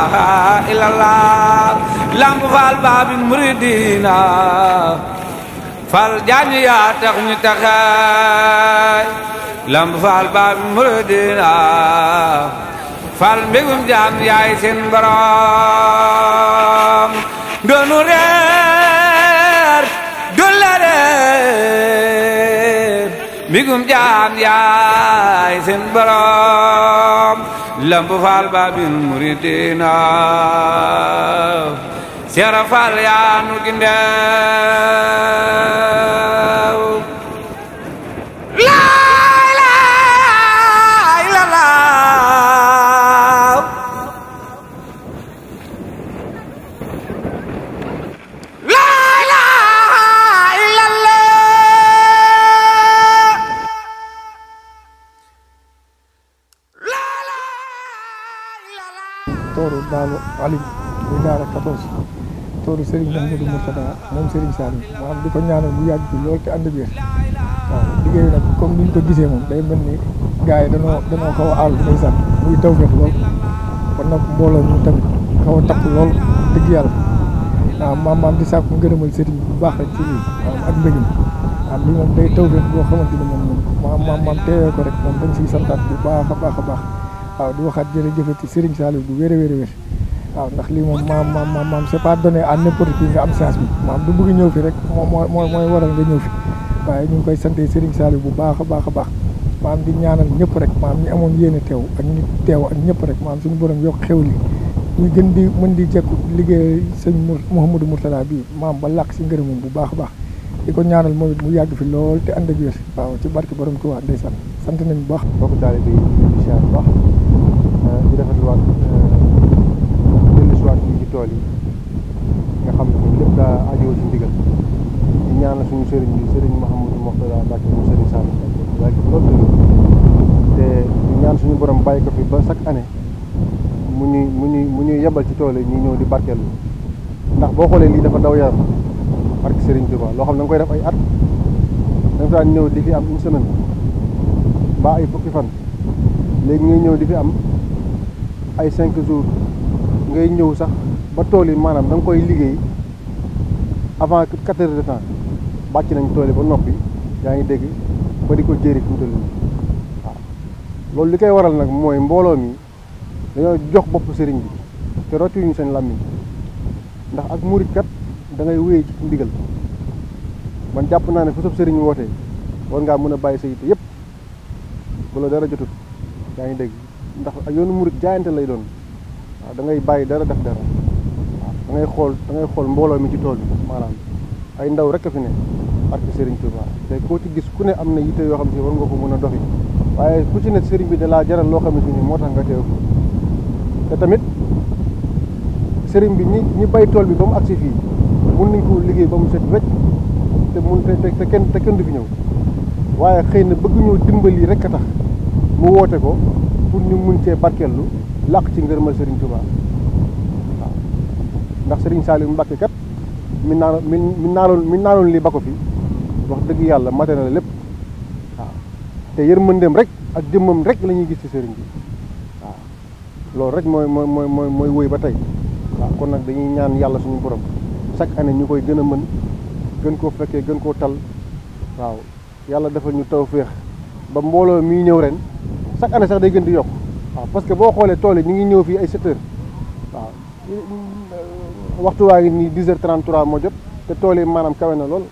ilaha illallah lamp faal baabi muridina fal jaañ yaa tax ñu lamp faal baabi muridina fal mbégum jaam yaay seen borom doonu reer du reer mbégum jaam yaay seen borom lamb faal baabil muridiina seera faal yaa nu gindee Daaru Daaru Alim muy Daara 14 toolu Serigne Mouhamadou Mourtada moom Serigne Saliou maanaam ko ñaanal bu yàgg bi loolu te ànd biir waaw nag comme ni ko gisee moom day mel ni gars yi danoo danoo xaw a àll day sax muy taw feex lool kon nag mbooloo ñu tamit xaw dëgg yàlla waaw maam maam di sàkku ngërëmal sëriñ bu baax rek ci lii waaw ak mbégam am li moom day taw feex boo moom teewee ko rek moom dañ siy santaat bu baax a baax a baax waaw di waxaat jërëjëfati Serigne Saliou bu wér a wér a wér waaw ndax lii moom maam maam maam maam c'est pas donné à n'importe qui nga am chance bi maam du bëgg ñëw fi rek moom mooy mooy waral nga ñëw fi waaye ñu ngi koy sante Serigne Saliou bu baax baax a maam di ñaanal ñëpp rek maam ñi amoon yéene teew ak ak ñëpp rek maam suñu borom yokk xew li ñu gën di mën di jekku liggéey sëñ Mouhamadou Mourtada bii maam ba làq si ngërëmam bu baax a baax di ko ñaanal moom it mu yàgg fi lool te ànd ak wér waaw ci barke borom Tuubaa ndeysaan sant nañu bu baax bokk taalibe bi baax ñuy yebal ci tool yi ñuy ñëw di barkeelu ndax boo xoolee lii dafa daw yaram barke Serigne Touba loo xam ne nga koy def ay at da nga ñëw di fi am une semaine mbaa ay fan léegi ngay ñëw di fi am ay cinq jours ngay ñëw sax ba tool yi maanaam da koy liggéey avant quatre heures de temps bàcc nañ tool yi ba noppi yaa ngi dégg ba di ko jëri fi mu toll loolu li koy waral nag mooy mbooloo mi dañoo jox bopp sëriñ bi te ñu seen làmmiñ ndax ak murit kat dangay ngay wéy ci ndigal man jàpp naa ne fu sab sëriñ wootee war ngaa mën a bàyyi sa yitte yëpp bu la dara jotut yaa ngi dégg ndax yoonu murit jaayante lay doon waaw da ngay bàyyi dara def dara dangay xool da ngay xool mbooloo mi ci tool bi maanaam ay ndaw rek a fi ne ak sëriñ Touba te koo ci gis ku ne am na yitte yoo xam ne war nga ko mën a doxi waaye ku ci ne sëriñ bi da laa jaral loo xam ni moo tax nga teew tamit sëriñ bi ñi ñi bay tool bi ba mu agsi fii mun nañ ko liggéey ba mu set wecc te mun te te kenn te du fi ñëw waaye xëy na bëgg ñoo dimbali rek a tax mu woote ko pour ñu mun cee barkeellu làq ci ngërëmal sëriñ Tuubaa waaw ndax sëriñ Saliou Mbacke mi naanoon mi mi naanoon mi naanoon lii ba ko fi wax dëgg yàlla mate na lépp waaw te yërmandeem rek ak jëmmam rek lañuy gis ci sëriñ bi waaw loolu rek mooy mooy mooy mooy mooy ba tey kon nag dañuy ñaan yàlla suñu borom chaque année ñu koy gën a mën gën koo fekkee gën koo tal waaw yàlla defal ñu tawféex ba mbooloo miy ñëw ren chaque année sax day gën di yokk waaw parce que boo xoolee tool yi ñu ngi ñëw fii ay 7 heures waaw euh, waxtu waa ngi nii 10 heures 33 moo jot te tool yi maanaam kawe na lool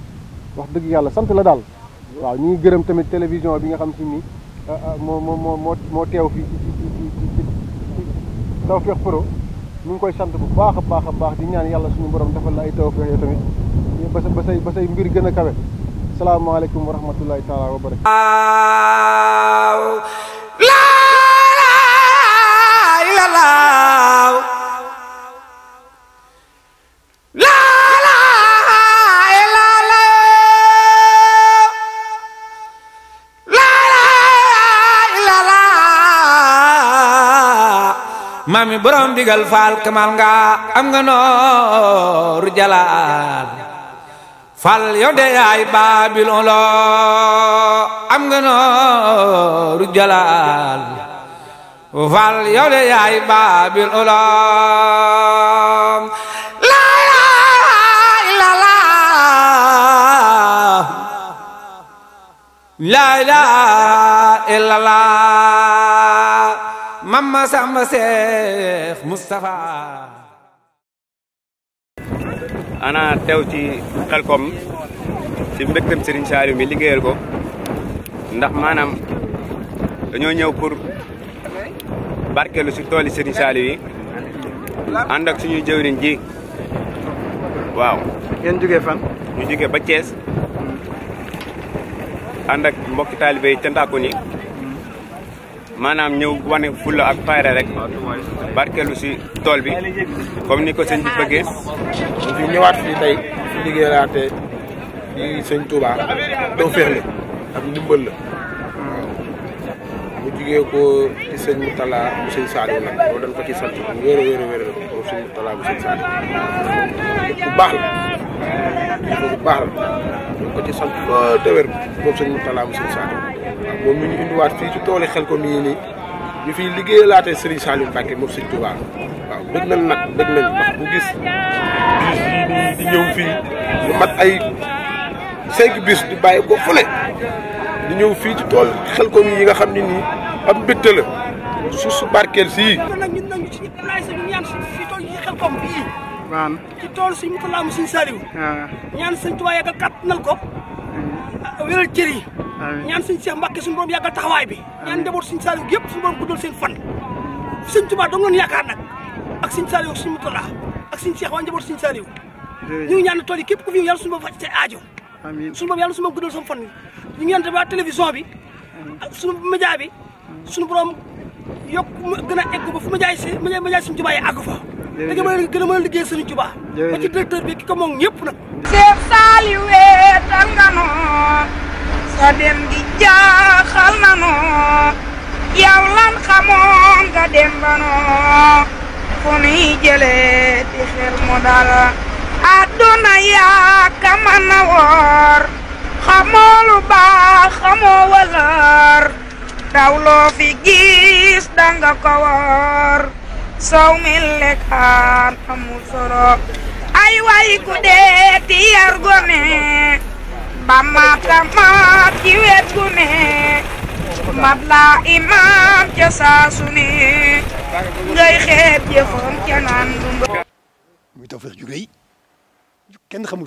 wax dëgg yàlla sant la daal waaw ñu ngi gërëm tamit télévision bi nga xam si ni euh, euh, moo moo moo moo teew fii ci ci ñu ngi koy sant bu baax a baax a baax di ñaan yàlla suñu borom defal la ay tawfeex yoo tamit ba sa ba say ba say mbir gën a kawe salaamaaleykum wa rahmatullahi taala wa barakatu mi borom digal faal kamal nga am nga nooru faal yow de yaay baabilon lo am nga nooru Mama Samba Cheikh Moustapha ana teew ci Xelkom ci mbégtam Serigne Saliou mi liggéeyal ko ndax maanaam dañoo ñëw pour barkeelu si tooli Serigne Saliou yi ànd ak suñuy jëwriñ ji waaw. ngeen jógee fan. ñu jógee ba Thiès ànd ak mbokki taalibe yi maanaam ñëw wane fulla ak fayda rek barkeelu si tool bi comme ni ko sëñ bi bëggee. fi ñëwaat fii tey fi liggéeyaate di sëñ Touba doo feex ak ndimbal la bu jugee ko ci sëñ Moutala bu sëñ Saliou na loolu dañ ko ci sant bu wéer a wéer a wéer la bu sëñ Moutala bu sëñ Saliou bu baax la bu baax la dañ moom mi ñu indiwaat fii ci tooli xel ko mii nii ñu fiy liggéey laatee Serigne Saliou Mbacké moom Serigne Touba waaw dëgg nañ nag dëgg nañ ndax bu gis di ñëw fii lu mat ay cinq bis di bàyyi ko fu ne di ñëw fii ci tool xel ko yi nga xam ne nii am mbégte la suuf su barkeel sii. ci ñëpp si tool yi xelkom bii. waaw ci tool suñu mutalaam suñu sariw. waaw ko. wéral cër yi ñaan suñ Seex Mbàkke suñu borom yàggal taxawaay bi ñaan njaboot suñ Saaliw yëpp suñu borom guddal seen fan suñ Tuubaa doon yaakaar nag ak suñ Saaliw suñ Mutalla ak suñ waa njaboot suñ Saaliw ñu ñaan tool yi képp ku fi yàlla suñu borom faj sa aajo suñu borom yàlla suñu borom seen fan ñu ngi ñaan waa télévision bi suñu média bi suñu borom yokk gën a egg ba fu média si média suñu Tuubaa yi àgg fa da nga mën a gën a mën a liggéey Serigne Touba bi ki ko moom ñëpp nag Seex Saaliw nga noo sa dem gi jaaxal na noo yow lan xamoon nga dem ba noo fu nuy jëlee ti mu dara adduna yaa ka mën a woor xamoo baax xamoo wëlër daw loo fi gis danga ko woor sow mi lekkaan amul soro ay way ku dee ti yar ba maata maat ci wet gu ne mat laa imaam ca saasu ne ngay xeeb jëfam ca naan du mbo muy tawfeex ju rëy kenn xamul